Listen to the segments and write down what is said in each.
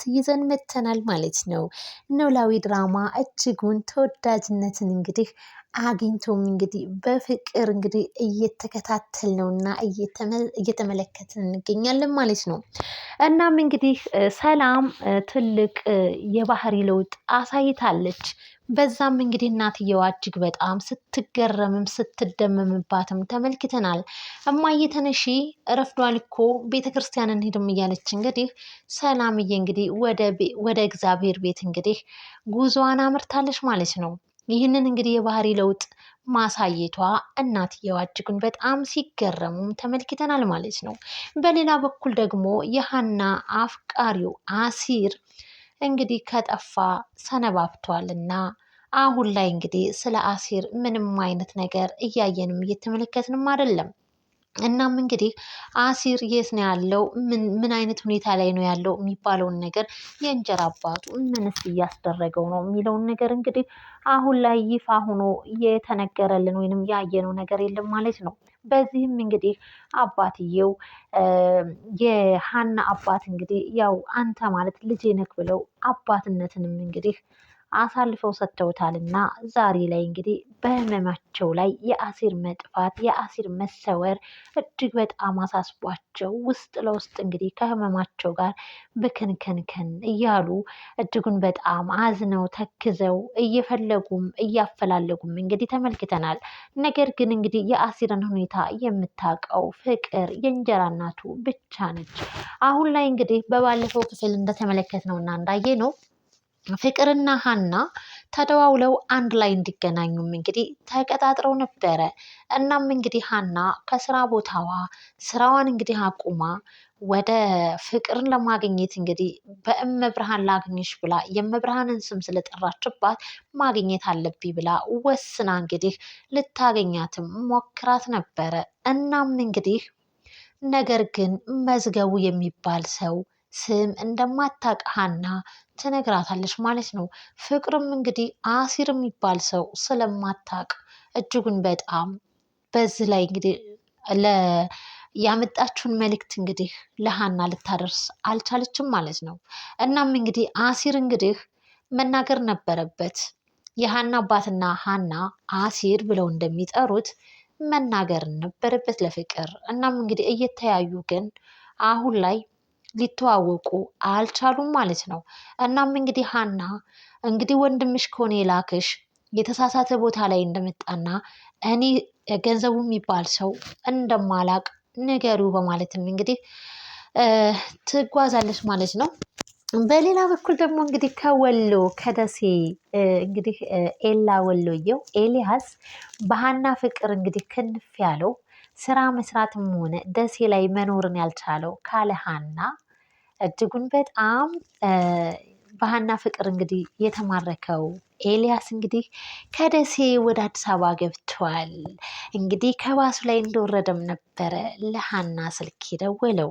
መልእክት ይዘን መተናል ማለት ነው። ኖላዊ ድራማ እጅጉን ተወዳጅነትን እንግዲህ አግኝቶም እንግዲህ በፍቅር እንግዲህ እና እየተመለከትን እንገኛለን ማለት ነው። እናም እንግዲህ ሰላም ትልቅ የባህሪ ለውጥ አሳይታለች በዛም እንግዲህ እናትየዋ እጅግ በጣም ስትገረምም ስትደመምባትም ተመልክተናል። እማዬ ተነሺ ረፍዷል እኮ ቤተ ክርስቲያን እንሂድም እያለች እንግዲህ ሰላምዬ እንግዲህ ወደ እግዚአብሔር ቤት እንግዲህ ጉዞዋን አምርታለች ማለት ነው። ይህንን እንግዲህ የባህሪ ለውጥ ማሳየቷ እናትየዋ እጅጉን በጣም ሲገረሙም ተመልክተናል ማለት ነው። በሌላ በኩል ደግሞ የሀና አፍቃሪው አሲር እንግዲህ ከጠፋ እና አሁን ላይ እንግዲህ ስለ አሲር ምንም አይነት ነገር እያየንም እየተመለከትንም አይደለም። እናም እንግዲህ አሲር የት ነው ያለው? ምን አይነት ሁኔታ ላይ ነው ያለው የሚባለውን ነገር የእንጀራ አባቱ ምንስ እያስደረገው ነው የሚለውን ነገር እንግዲህ አሁን ላይ ይፋ ሆኖ የተነገረልን ወይንም ያየነው ነገር የለም ማለት ነው። በዚህም እንግዲህ አባትየው የሀና አባት እንግዲህ ያው አንተ ማለት ልጄ ነክ ብለው አባትነትንም እንግዲህ አሳልፈው ሰጥተውታልና ዛሬ ላይ እንግዲህ በህመማቸው ላይ የአሲር መጥፋት የአሲር መሰወር እጅግ በጣም አሳስቧቸው ውስጥ ለውስጥ እንግዲህ ከህመማቸው ጋር ብክንክንክን እያሉ እጅጉን በጣም አዝነው ተክዘው እየፈለጉም እያፈላለጉም እንግዲህ ተመልክተናል። ነገር ግን እንግዲህ የአሲርን ሁኔታ የምታውቀው ፍቅር የእንጀራ እናቱ ብቻ ነች። አሁን ላይ እንግዲህ በባለፈው ክፍል እና እንዳየ ነው ፍቅርና ሀና ተደዋውለው አንድ ላይ እንዲገናኙም እንግዲህ ተቀጣጥረው ነበረ። እናም እንግዲህ ሀና ከስራ ቦታዋ ስራዋን እንግዲህ አቁማ ወደ ፍቅርን ለማግኘት እንግዲህ በእመብርሃን ላግኝሽ ብላ የእመብርሃንን ስም ስለጠራችባት ማግኘት አለብኝ ብላ ወስና እንግዲህ ልታገኛትም ሞክራት ነበረ። እናም እንግዲህ ነገር ግን መዝገቡ የሚባል ሰው ስም እንደማታውቅ ሀና ትነግራታለች ማለት ነው። ፍቅርም እንግዲህ አሲር የሚባል ሰው ስለማታቅ እጅጉን በጣም በዚህ ላይ እንግዲህ ያመጣችውን መልእክት እንግዲህ ለሀና ልታደርስ አልቻለችም ማለት ነው። እናም እንግዲህ አሲር እንግዲህ መናገር ነበረበት የሀና አባትና ሀና አሲር ብለው እንደሚጠሩት መናገር ነበረበት ለፍቅር። እናም እንግዲህ እየተያዩ ግን አሁን ላይ ሊተዋወቁ አልቻሉም ማለት ነው። እናም እንግዲህ ሀና እንግዲህ ወንድምሽ ከሆነ የላክሽ የተሳሳተ ቦታ ላይ እንደመጣና እኔ ገንዘቡ የሚባል ሰው እንደማላቅ ነገሩ በማለትም እንግዲህ ትጓዛለች ማለት ነው። በሌላ በኩል ደግሞ እንግዲህ ከወሎ ከደሴ እንግዲህ ኤላ ወሎየው ኤልያስ በሀና ፍቅር እንግዲህ ክንፍ ያለው ስራ መስራትም ሆነ ደሴ ላይ መኖርን ያልቻለው ካለ ሀና እጅጉን በጣም በሀና ፍቅር እንግዲህ የተማረከው ኤልያስ እንግዲህ ከደሴ ወደ አዲስ አበባ ገብቷል። እንግዲህ ከባሱ ላይ እንደወረደም ነበረ ለሀና ስልክ የደወለው።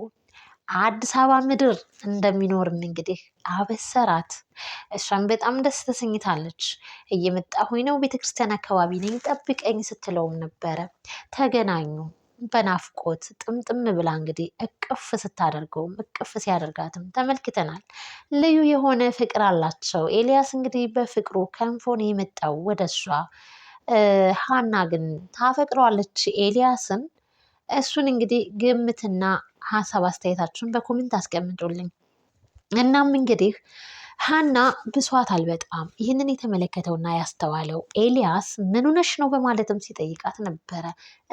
አዲስ አበባ ምድር እንደሚኖርን እንግዲህ አበሰራት። እሷን በጣም ደስ ተሰኝታለች። እየመጣሁኝ ነው፣ ቤተክርስቲያን አካባቢ ነኝ፣ ጠብቀኝ ስትለውም ነበረ። ተገናኙ በናፍቆት ጥምጥም ብላ እንግዲህ እቅፍ ስታደርገውም እቅፍ ሲያደርጋትም ተመልክተናል። ልዩ የሆነ ፍቅር አላቸው። ኤልያስ እንግዲህ በፍቅሩ ከንፎን የመጣው ወደ እሷ፣ ሀና ግን ታፈቅረዋለች ኤልያስን። እሱን እንግዲህ ግምትና ሀሳብ አስተያየታችሁን በኮሜንት አስቀምጡልኝ። እናም እንግዲህ ሀና ብሷታል በጣም ይህንን የተመለከተውና ያስተዋለው ኤልያስ ምን ሆነሽ ነው በማለትም ሲጠይቃት ነበረ።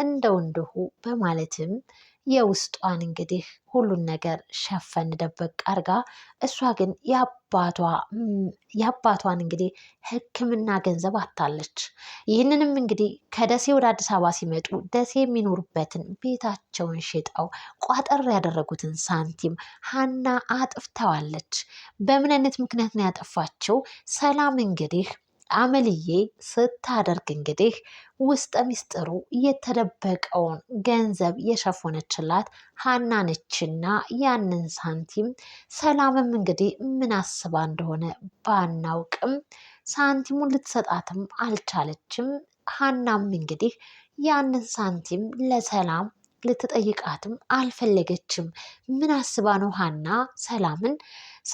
እንደው እንደሁ በማለትም የውስጧን እንግዲህ ሁሉን ነገር ሸፈን ደበቅ አርጋ እሷ ግን የአባቷን እንግዲህ ሕክምና ገንዘብ አታለች። ይህንንም እንግዲህ ከደሴ ወደ አዲስ አበባ ሲመጡ ደሴ የሚኖሩበትን ቤታቸውን ሽጠው ቋጠር ያደረጉትን ሳንቲም ሀና አጥፍተዋለች። በምን አይነት ምክንያት ነው ያጠፋቸው? ሰላም እንግዲህ አመልዬ ስታደርግ እንግዲህ ውስጠ ሚስጥሩ የተደበቀውን ገንዘብ የሸፈነችላት ሀና ነችና ያንን ሳንቲም ሰላምም እንግዲህ ምን አስባ እንደሆነ ባናውቅም ሳንቲሙን ልትሰጣትም አልቻለችም። ሀናም እንግዲህ ያንን ሳንቲም ለሰላም ልትጠይቃትም አልፈለገችም። ምን አስባ ነው ሀና ሰላምን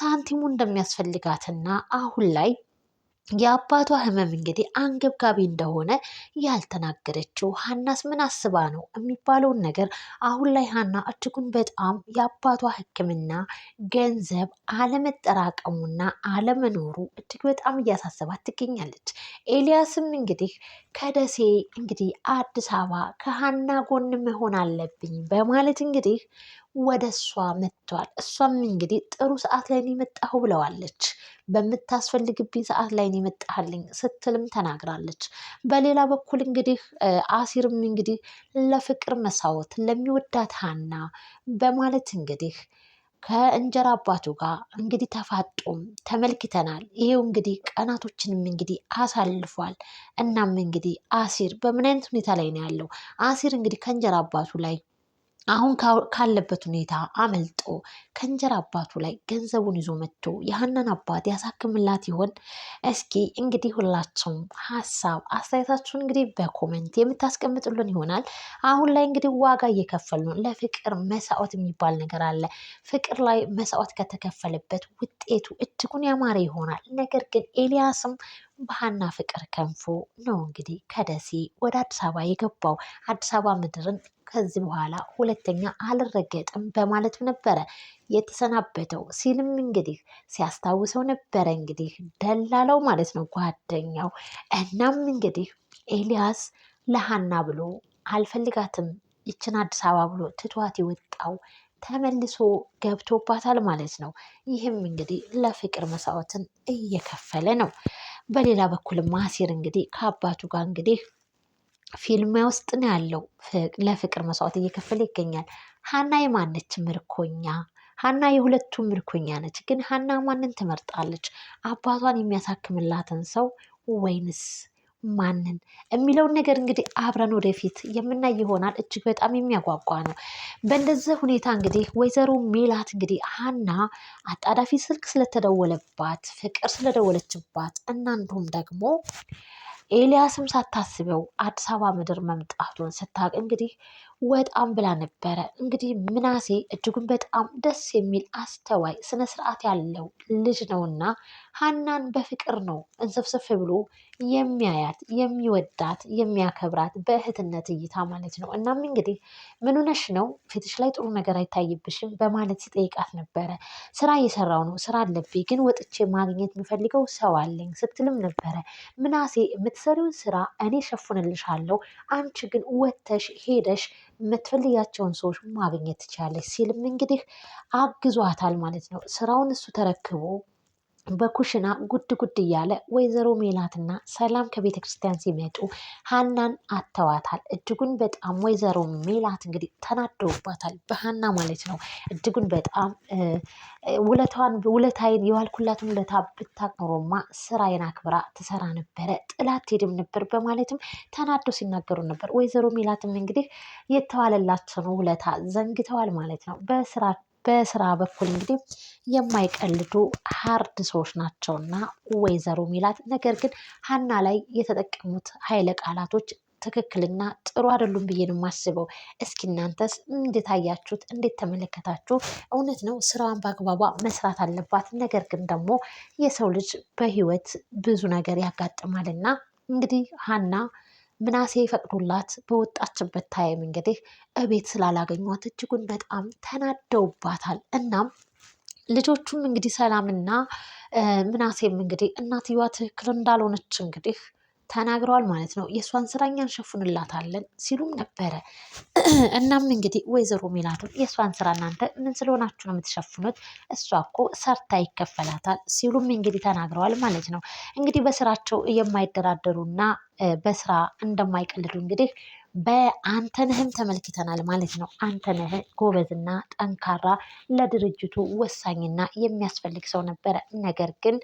ሳንቲሙ እንደሚያስፈልጋትና አሁን ላይ የአባቷ ህመም እንግዲህ አንገብጋቢ እንደሆነ ያልተናገረችው ሀናስ ምን አስባ ነው የሚባለውን ነገር አሁን ላይ ሀና እጅጉን በጣም የአባቷ ሕክምና ገንዘብ አለመጠራቀሙና አለመኖሩ እጅግ በጣም እያሳሰባት ትገኛለች። ኤልያስም እንግዲህ ከደሴ እንግዲህ አዲስ አበባ ከሀና ጎን መሆን አለብኝ በማለት እንግዲህ ወደ እሷ መጥቷል። እሷም እንግዲህ ጥሩ ሰዓት ላይ ነው የመጣሁ ብለዋለች። በምታስፈልግብኝ ሰዓት ላይ ነው የመጣህልኝ ስትልም ተናግራለች። በሌላ በኩል እንግዲህ አሲርም እንግዲህ ለፍቅር መሳወት ለሚወዳት ሀና በማለት እንግዲህ ከእንጀራ አባቱ ጋር እንግዲህ ተፋጦም ተመልክተናል። ይሄው እንግዲህ ቀናቶችንም እንግዲህ አሳልፏል። እናም እንግዲህ አሲር በምን አይነት ሁኔታ ላይ ነው ያለው? አሲር እንግዲህ ከእንጀራ አባቱ ላይ አሁን ካለበት ሁኔታ አመልጦ ከእንጀራ አባቱ ላይ ገንዘቡን ይዞ መጥቶ የሀናን አባት ያሳክምላት ይሆን? እስኪ እንግዲህ ሁላችሁም ሀሳብ አስተያየታችሁን እንግዲህ በኮመንት የምታስቀምጡልን ይሆናል። አሁን ላይ እንግዲህ ዋጋ እየከፈሉ ነው። ለፍቅር መስዋዕት የሚባል ነገር አለ። ፍቅር ላይ መስዋዕት ከተከፈለበት ውጤቱ እጅጉን ያማረ ይሆናል። ነገር ግን ኤልያስም በሀና ፍቅር ከንፎ ነው እንግዲህ ከደሴ ወደ አዲስ አበባ የገባው አዲስ አበባ ምድርን ከዚህ በኋላ ሁለተኛ አልረገጥም በማለት ነበረ የተሰናበተው ሲልም እንግዲህ ሲያስታውሰው ነበረ እንግዲህ ደላላው ማለት ነው ጓደኛው። እናም እንግዲህ ኤልያስ ለሀና ብሎ አልፈልጋትም ይችን አዲስ አበባ ብሎ ትቷት የወጣው ተመልሶ ገብቶባታል ማለት ነው። ይህም እንግዲህ ለፍቅር መስዋዕትን እየከፈለ ነው። በሌላ በኩል ማሲር እንግዲህ ከአባቱ ጋር እንግዲህ ፊልም ውስጥ ነው ያለው ለፍቅር መስዋዕት እየከፈለ ይገኛል። ሀና የማነች ምርኮኛ? ሀና የሁለቱም ምርኮኛ ነች። ግን ሀና ማንን ትመርጣለች? አባቷን የሚያሳክምላትን ሰው ወይንስ ማንን የሚለውን ነገር እንግዲህ አብረን ወደፊት የምናይ ይሆናል። እጅግ በጣም የሚያጓጓ ነው። በእንደዚህ ሁኔታ እንግዲህ ወይዘሮ ሜላት እንግዲህ ሀና አጣዳፊ ስልክ ስለተደወለባት፣ ፍቅር ስለደወለችባት እና እንዲሁም ደግሞ ኤልያስም ሳታስበው አዲስ አበባ ምድር መምጣቱን ስታቅ እንግዲህ ወጣም ብላ ነበረ። እንግዲህ ምናሴ እጅጉን በጣም ደስ የሚል አስተዋይ፣ ስነ ስርዓት ያለው ልጅ ነውና ሀናን በፍቅር ነው እንስፍስፍ ብሎ የሚያያት የሚወዳት የሚያከብራት በእህትነት እይታ ማለት ነው። እናም እንግዲህ ምን ሆነሽ ነው ፊትሽ ላይ ጥሩ ነገር አይታይብሽም? በማለት ሲጠይቃት ነበረ። ስራ እየሰራው ነው፣ ስራ አለብኝ፣ ግን ወጥቼ ማግኘት የምፈልገው ሰው አለኝ ስትልም ነበረ። ምናሴ የምትሰሪውን ስራ እኔ ሸፍንልሻለሁ፣ አንቺ ግን ወተሽ ሄደሽ የምትፈልያቸውን ሰዎች ማግኘት ትችላለች ሲልም እንግዲህ አግዟታል ማለት ነው። ስራውን እሱ ተረክቦ በኩሽና ጉድ ጉድ እያለ ወይዘሮ ሜላትና ሰላም ከቤተ ክርስቲያን ሲመጡ ሀናን አተዋታል። እጅጉን በጣም ወይዘሮ ሜላት እንግዲህ ተናደውባታል፣ በሀና ማለት ነው። እጅጉን በጣም ውለታዋን ውለታዬን የዋልኩላትን ውለታ ብታቅ ስራዬን አክብራ ትሰራ ነበረ፣ ጥላት ሄድም ነበር በማለትም ተናደው ሲናገሩ ነበር። ወይዘሮ ሜላትም እንግዲህ የተዋለላቸውን ውለታ ዘንግተዋል ማለት ነው በስራ በስራ በኩል እንግዲህ የማይቀልዱ ሀርድ ሰዎች ናቸውና ወይዘሮ ሚላት ነገር ግን ሀና ላይ የተጠቀሙት ኃይለ ቃላቶች ትክክልና ጥሩ አይደሉም ብዬ ነው የማስበው። እስኪ እናንተስ እንዴት አያችሁት? እንዴት ተመለከታችሁ? እውነት ነው ስራዋን በአግባቧ መስራት አለባት። ነገር ግን ደግሞ የሰው ልጅ በህይወት ብዙ ነገር ያጋጥማልና እንግዲህ ሀና ምናሴ ፈቅዶላት በወጣችበት ታይም እንግዲህ እቤት ስላላገኟት እጅጉን በጣም ተናደውባታል። እናም ልጆቹም እንግዲህ ሰላምና ምናሴም እንግዲህ እናትየዋ ትክክል እንዳልሆነች እንግዲህ ተናግረዋል ማለት ነው። የእሷን ስራ እኛ እንሸፍንላታለን ሲሉም ነበረ። እናም እንግዲህ ወይዘሮ ሜላቱን የእሷን ስራ እናንተ ምን ስለሆናችሁ ነው የምትሸፍኑት? እሷ እኮ ሰርታ ይከፈላታል ሲሉም እንግዲህ ተናግረዋል ማለት ነው። እንግዲህ በስራቸው የማይደራደሩና በስራ እንደማይቀልዱ እንግዲህ በአንተነህም ተመልክተናል ማለት ነው። አንተነህ ጎበዝና ጠንካራ ለድርጅቱ ወሳኝና የሚያስፈልግ ሰው ነበረ። ነገር ግን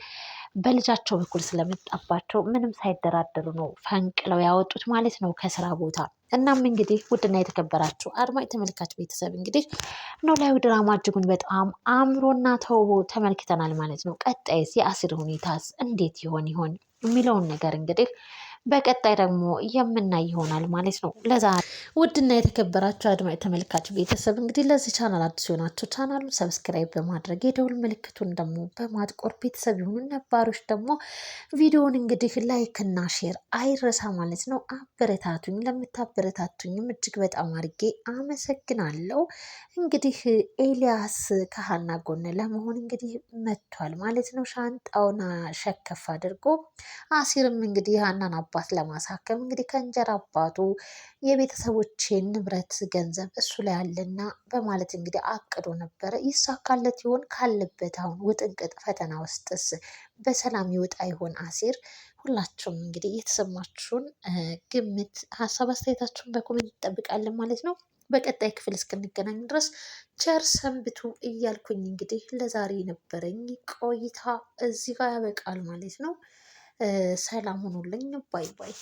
በልጃቸው በኩል ስለመጣባቸው ምንም ሳይደራደሩ ነው ፈንቅለው ያወጡት ማለት ነው ከስራ ቦታ። እናም እንግዲህ ውድና የተከበራችሁ አድማጭ ተመልካች ቤተሰብ እንግዲህ ኖላዊ ድራማ እጅጉን በጣም አምሮና ተውቦ ተመልክተናል ማለት ነው። ቀጣይስ የአሲር ሁኔታስ እንዴት ይሆን ይሆን የሚለውን ነገር እንግዲህ በቀጣይ ደግሞ የምናይ ይሆናል ማለት ነው። ለዛሬ ውድና የተከበራችሁ አድማጭ ተመልካች ቤተሰብ እንግዲህ ለዚህ ቻናል አዲስ የሆናችሁ ቻናሉን ሰብስክራይብ በማድረግ የደውል ምልክቱን ደግሞ በማጥቆር ቤተሰብ የሆኑ ነባሮች ደግሞ ቪዲዮውን እንግዲህ ላይክና ሼር አይረሳ ማለት ነው። አበረታቱኝ። ለምታበረታቱኝም እጅግ በጣም አድርጌ አመሰግናለሁ። እንግዲህ ኤልያስ ከሀና ጎን ለመሆን እንግዲህ መጥቷል ማለት ነው። ሻንጣውን ሸከፍ አድርጎ አሲርም እንግዲህ ሀናን አባ አባት ለማሳከም እንግዲህ ከእንጀራ አባቱ የቤተሰቦቼን ንብረት ገንዘብ እሱ ላይ አለና በማለት እንግዲህ አቅዶ ነበረ። ይሳካለት ይሆን? ካለበት አሁን ውጥንቅጥ ፈተና ውስጥስ በሰላም ይወጣ ይሆን አሲር? ሁላችሁም እንግዲህ የተሰማችሁን ግምት፣ ሀሳብ አስተያየታችሁን በኮሜንት እንጠብቃለን ማለት ነው። በቀጣይ ክፍል እስክንገናኝ ድረስ ቸር ሰንብቱ እያልኩኝ እንግዲህ ለዛሬ የነበረኝ ቆይታ እዚህ ጋር ያበቃል ማለት ነው። ሰላም ሁኑልኝ። ባይ ባይ